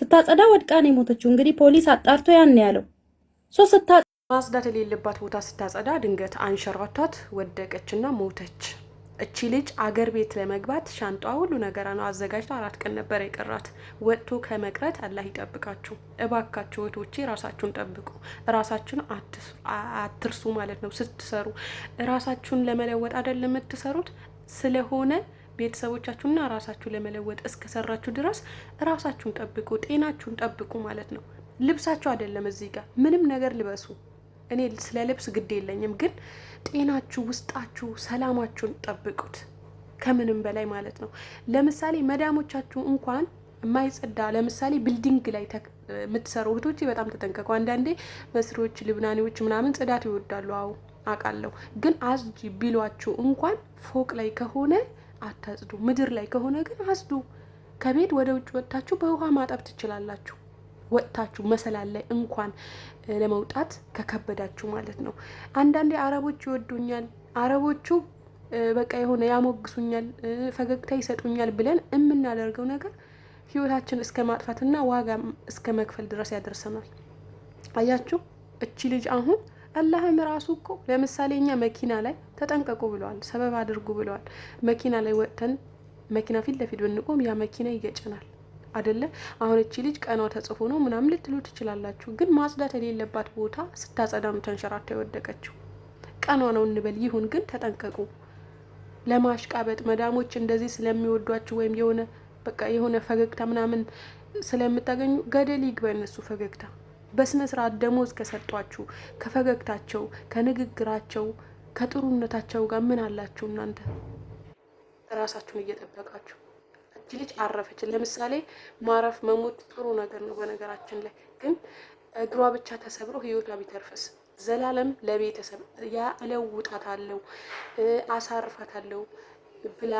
ስታጸዳ ወድቃ ነው የሞተችው። እንግዲህ ፖሊስ አጣርቶ ያን ያለው ሶ ስታ ማጽዳት የሌለባት ቦታ ስታጸዳ ድንገት አንሸራቷት ወደቀችና ሞተች። እቺ ልጅ አገር ቤት ለመግባት ሻንጧ ሁሉ ነገር ነው አዘጋጅቷ፣ አራት ቀን ነበር የቀራት። ወጥቶ ከመቅረት አላህ ይጠብቃችሁ። እባካችሁ እህቶቼ ራሳችሁን ጠብቁ፣ ራሳችሁን አትርሱ ማለት ነው። ስትሰሩ ራሳችሁን ለመለወጥ አይደለም የምትሰሩት ስለሆነ ቤተሰቦቻችሁና ራሳችሁ ለመለወጥ እስከሰራችሁ ድረስ ራሳችሁን ጠብቁ፣ ጤናችሁን ጠብቁ ማለት ነው። ልብሳችሁ አይደለም እዚህ ጋር ምንም ነገር ልበሱ። እኔ ስለ ልብስ ግድ የለኝም፣ ግን ጤናችሁ፣ ውስጣችሁ፣ ሰላማችሁን ጠብቁት ከምንም በላይ ማለት ነው። ለምሳሌ መዳሞቻችሁ እንኳን የማይጸዳ ለምሳሌ ቢልዲንግ ላይ የምትሰሩ እህቶች በጣም ተጠንቀቁ። አንዳንዴ መስሪዎች፣ ልብናኔዎች ምናምን ጽዳት ይወዳሉ። አዎ አውቃለሁ። ግን አዝጂ ቢሏችሁ እንኳን ፎቅ ላይ ከሆነ አታጽዱ። ምድር ላይ ከሆነ ግን አጽዱ። ከቤት ወደ ውጭ ወጥታችሁ በውሃ ማጠብ ትችላላችሁ። ወጥታችሁ መሰላል ላይ እንኳን ለመውጣት ከከበዳችሁ ማለት ነው። አንዳንዴ አረቦች ይወዱኛል፣ አረቦቹ በቃ የሆነ ያሞግሱኛል፣ ፈገግታ ይሰጡኛል ብለን የምናደርገው ነገር ህይወታችን እስከ ማጥፋትና ዋጋ እስከ መክፈል ድረስ ያደርሰናል። አያችሁ እቺ ልጅ አሁን አላህም ራሱ እኮ ለምሳሌ እኛ መኪና ላይ ተጠንቀቁ ብለዋል፣ ሰበብ አድርጉ ብለዋል። መኪና ላይ ወጥተን መኪና ፊት ለፊት ብንቆም ያ መኪና ይገጭናል አደለ? አሁን እቺ ልጅ ቀኗ ተጽፎ ነው ምናምን ልትሉ ትችላላችሁ። ግን ማጽዳት የሌለባት ቦታ ስታጸዳ ነው ተንሸራታ የወደቀችው። ቀኗ ነው እንበል ይሁን፣ ግን ተጠንቀቁ። ለማሽቃበጥ መዳሞች እንደዚህ ስለሚወዷችሁ ወይም የሆነ በቃ የሆነ ፈገግታ ምናምን ስለምታገኙ ገደል ይግባ እነሱ ፈገግታ በስነ ስርዓት ደሞዝ ከሰጧችሁ ከፈገግታቸው፣ ከንግግራቸው፣ ከጥሩነታቸው ጋር ምን አላችሁ እናንተ? ራሳችሁን እየጠበቃችሁ እች ልጅ አረፈች። ለምሳሌ ማረፍ መሞት ጥሩ ነገር ነው በነገራችን ላይ ግን እግሯ ብቻ ተሰብሮ ህይወቷ ቢተርፈስ ዘላለም ለቤተሰብ አሳርፋት አለው ብላ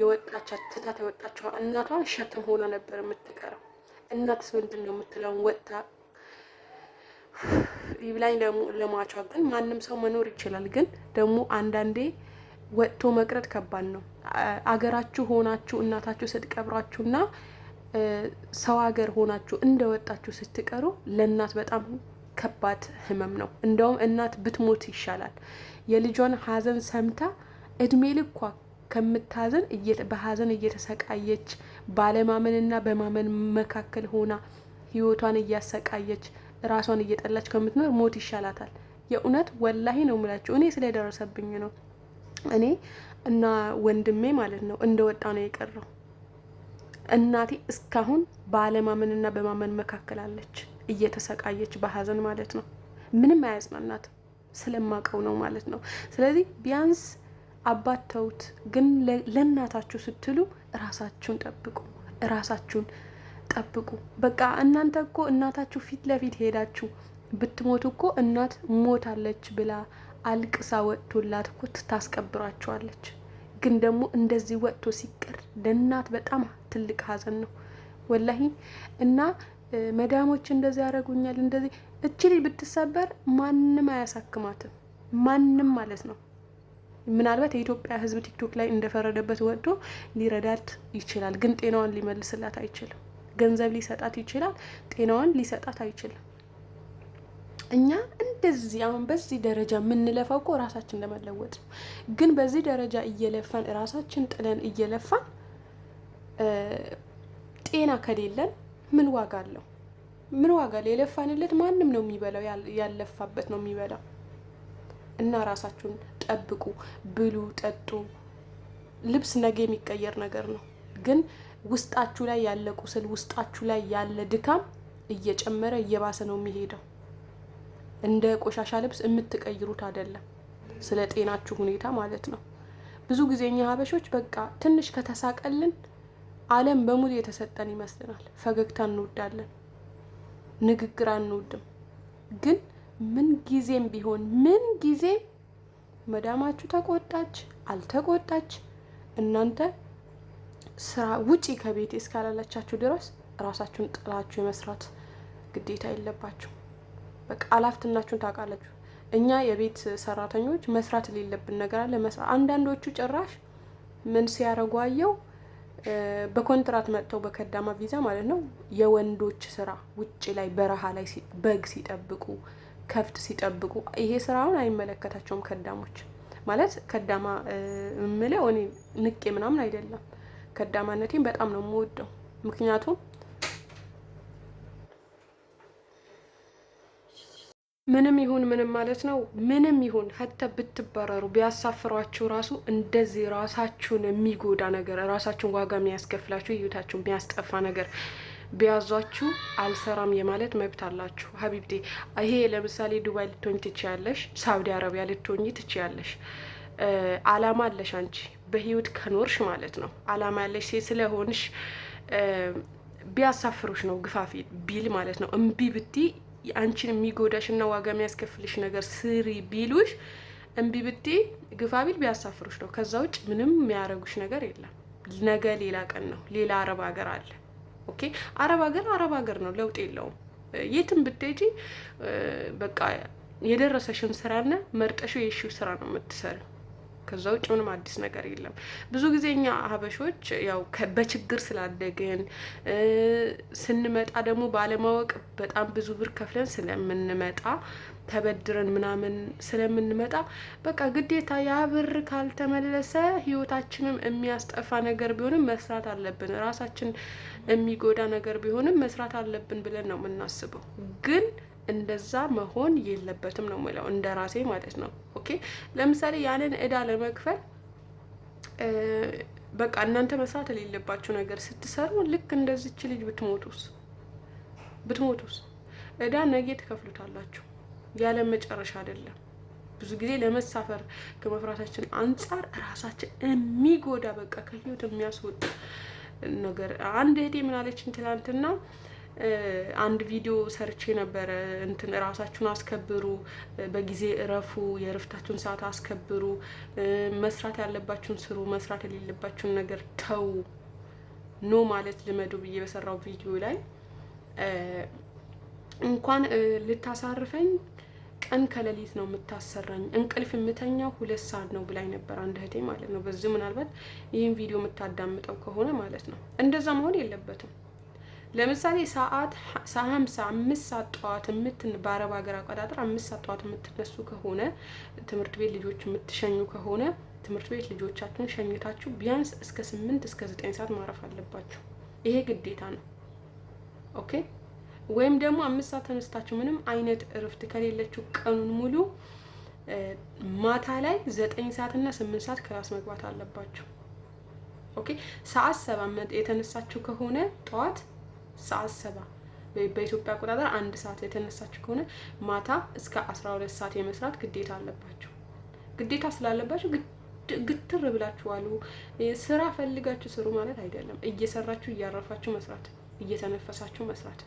የወጣቻ ትታት የወጣቸው እናቷ ሸክም ሆና ነበር የምትቀረው። እናትስ ምንድን ነው የምትለውን ወጥታ ይብላኝ ለሟቿ ግን ማንም ሰው መኖር ይችላል። ግን ደግሞ አንዳንዴ ወጥቶ መቅረት ከባድ ነው። አገራችሁ ሆናችሁ እናታችሁ ስትቀብራችሁና ሰው ሀገር ሆናችሁ እንደወጣችሁ ስትቀሩ ለእናት በጣም ከባድ ህመም ነው። እንደውም እናት ብትሞት ይሻላል። የልጇን ሀዘን ሰምታ እድሜ ልኳ ከምታዘን በሀዘን እየተሰቃየች ባለማመንና በማመን መካከል ሆና ህይወቷን እያሰቃየች ራሷን እየጠላች ከምትኖር ሞት ይሻላታል። የእውነት ወላሂ ነው የምላችሁ። እኔ ስለደረሰብኝ ነው። እኔ እና ወንድሜ ማለት ነው እንደወጣ ነው የቀረው። እናቴ እስካሁን ባለማመንና በማመን መካከል አለች፣ እየተሰቃየች በሀዘን ማለት ነው። ምንም አያጽናናት ስለማቀው ነው ማለት ነው። ስለዚህ ቢያንስ አባት ተውት፣ ግን ለእናታችሁ ስትሉ እራሳችሁን ጠብቁ፣ እራሳችሁን ጠብቁ። በቃ እናንተ እኮ እናታችሁ ፊት ለፊት ሄዳችሁ ብትሞቱ እኮ እናት ሞታለች ብላ አልቅሳ ወጥቶላት እኮ ታስቀብራችኋለች። ግን ደግሞ እንደዚህ ወጥቶ ሲቀር ለእናት በጣም ትልቅ ሀዘን ነው ወላሂ። እና መዳሞች እንደዚህ ያደረጉኛል እንደዚህ እቺ ብትሰበር ማንም አያሳክማትም ማንም ማለት ነው። ምናልባት የኢትዮጵያ ሕዝብ ቲክቶክ ላይ እንደፈረደበት ወጥቶ ሊረዳት ይችላል፣ ግን ጤናዋን ሊመልስላት አይችልም። ገንዘብ ሊሰጣት ይችላል፣ ጤናዋን ሊሰጣት አይችልም። እኛ እንደዚህ አሁን በዚህ ደረጃ የምንለፋው እኮ ራሳችን ለመለወጥ ነው። ግን በዚህ ደረጃ እየለፋን ራሳችን ጥለን እየለፋን ጤና ከሌለን ምን ዋጋ አለው? ምን ዋጋ አለው? የለፋንለት ማንም ነው የሚበላው፣ ያለፋበት ነው የሚበላው። እና ራሳችሁን ጠብቁ፣ ብሉ፣ ጠጡ። ልብስ ነገ የሚቀየር ነገር ነው ግን ውስጣችሁ ላይ ያለ ቁስል፣ ውስጣችሁ ላይ ያለ ድካም እየጨመረ እየባሰ ነው የሚሄደው። እንደ ቆሻሻ ልብስ የምትቀይሩት አይደለም። ስለ ጤናችሁ ሁኔታ ማለት ነው። ብዙ ጊዜ እኛ ሀበሾች በቃ ትንሽ ከተሳቀልን ዓለም በሙሉ የተሰጠን ይመስልናል። ፈገግታ እንወዳለን፣ ንግግር አንወድም። ግን ምን ጊዜም ቢሆን ምን ጊዜ መዳማችሁ ተቆጣች አልተቆጣች እናንተ ስራ ውጪ ከቤት እስካላላቻችሁ ድረስ ራሳችሁን ጥላችሁ የመስራት ግዴታ የለባችሁ። በቃ አላፍትናችሁን ታውቃላችሁ። እኛ የቤት ሰራተኞች መስራት ሌለብን ነገር አለ። መስራት አንዳንዶቹ ጭራሽ ምን ሲያረጓየው በኮንትራት መጥተው በከዳማ ቪዛ ማለት ነው የወንዶች ስራ ውጭ ላይ በረሃ ላይ በግ ሲጠብቁ ከፍት ሲጠብቁ ይሄ ስራውን አይመለከታቸውም። ከዳሞች ማለት ከዳማ ምለው እኔ ንቄ ምናምን አይደለም ከዳማነቴን በጣም ነው የምወደው። ምክንያቱም ምንም ይሁን ምንም ማለት ነው ምንም ይሁን ሀተ ብትባረሩ ቢያሳፍሯችሁ ራሱ እንደዚህ ራሳችሁን የሚጎዳ ነገር ራሳችሁን ዋጋ የሚያስከፍላችሁ ህይወታችሁን የሚያስጠፋ ነገር ቢያዟችሁ አልሰራም የማለት መብት አላችሁ። ሀቢብቴ ይሄ ለምሳሌ ዱባይ ልትሆኝ ትችያለሽ፣ ሳውዲ አረቢያ ልትሆኝ ትችያለሽ። አላማ አለሽ አንቺ በህይወት ከኖርሽ ማለት ነው። አላማ ያለሽ ሴት ስለሆንሽ ቢያሳፍሩሽ ነው ግፋፊ ቢል ማለት ነው። እምቢ ብቲ አንቺን የሚጎዳሽ እና ዋጋ የሚያስከፍልሽ ነገር ስሪ ቢሉሽ እምቢ ብቲ ግፋ ቢል ቢያሳፍሩሽ ነው። ከዛ ውጭ ምንም የሚያረጉሽ ነገር የለም። ነገ ሌላ ቀን ነው። ሌላ አረብ ሀገር አለ። ኦኬ አረብ ሀገር አረብ ሀገር ነው። ለውጥ የለውም። የትም ብትሄጂ በቃ የደረሰሽን ስራና መርጠሽው የሽው ስራ ነው የምትሰሪው። ከዛ ውጭ ምንም አዲስ ነገር የለም። ብዙ ጊዜ እኛ ሀበሾች ያው በችግር ስላደግን ስንመጣ ደግሞ ባለማወቅ በጣም ብዙ ብር ከፍለን ስለምንመጣ ተበድረን ምናምን ስለምንመጣ በቃ ግዴታ ያ ብር ካልተመለሰ ህይወታችንም የሚያስጠፋ ነገር ቢሆንም መስራት አለብን፣ ራሳችን የሚጎዳ ነገር ቢሆንም መስራት አለብን ብለን ነው የምናስበው ግን እንደዛ መሆን የለበትም ነው የምለው፣ እንደ ራሴ ማለት ነው። ኦኬ ለምሳሌ ያንን እዳ ለመክፈል በቃ እናንተ መስራት የሌለባችሁ ነገር ስትሰሩ ልክ እንደዚች ልጅ ብትሞቱስ ብትሞቱስ እዳ ነገ ትከፍሉታላችሁ። ያለ መጨረሻ አይደለም። ብዙ ጊዜ ለመሳፈር ከመፍራታችን አንጻር ራሳችን የሚጎዳ በቃ ከህይወት የሚያስወጥ ነገር አንድ እህቴ ምናለችን ትላንትና አንድ ቪዲዮ ሰርቼ ነበረ። እንትን ራሳችሁን አስከብሩ፣ በጊዜ እረፉ፣ የእረፍታችሁን ሰዓት አስከብሩ፣ መስራት ያለባችሁን ስሩ፣ መስራት የሌለባችሁን ነገር ተዉ፣ ኖ ማለት ልመዱ ብዬ በሰራው ቪዲዮ ላይ እንኳን ልታሳርፈኝ ቀን ከሌሊት ነው የምታሰራኝ፣ እንቅልፍ የምተኛው ሁለት ሰዓት ነው ብላኝ ነበር አንድ እህቴ ማለት ነው። በዚሁ ምናልባት ይህን ቪዲዮ የምታዳምጠው ከሆነ ማለት ነው እንደዛ መሆን የለበትም። ለምሳሌ ሰዓት ሀምሳ አምስት ሰዓት ጠዋት የምትን በአረብ ሀገር አቆጣጠር አምስት ሰዓት ጠዋት የምትነሱ ከሆነ ትምህርት ቤት ልጆች የምትሸኙ ከሆነ ትምህርት ቤት ልጆቻችሁን ሸኝታችሁ ቢያንስ እስከ ስምንት እስከ ዘጠኝ ሰዓት ማረፍ አለባችሁ። ይሄ ግዴታ ነው። ኦኬ። ወይም ደግሞ አምስት ሰዓት ተነስታችሁ ምንም አይነት እርፍት ከሌለችው ቀኑን ሙሉ ማታ ላይ ዘጠኝ ሰዓት እና ስምንት ሰዓት ክላስ መግባት አለባችሁ። ኦኬ። ሰዓት ሰባ የተነሳችሁ ከሆነ ጠዋት ሰዓት ሰባ በኢትዮጵያ አቆጣጠር አንድ ሰዓት የተነሳችሁ ከሆነ ማታ እስከ አስራ ሁለት ሰዓት የመስራት ግዴታ አለባችሁ። ግዴታ ስላለባችሁ ግትር ብላችሁ አሉ። ስራ ፈልጋችሁ ስሩ ማለት አይደለም። እየሰራችሁ እያረፋችሁ መስራት፣ እየተነፈሳችሁ መስራት